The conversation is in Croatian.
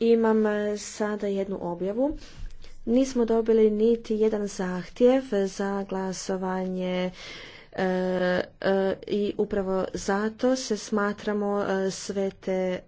Imam e, sada jednu objavu. Nismo dobili niti jedan zahtjev za glasovanje e, e, i upravo zato se smatramo sve te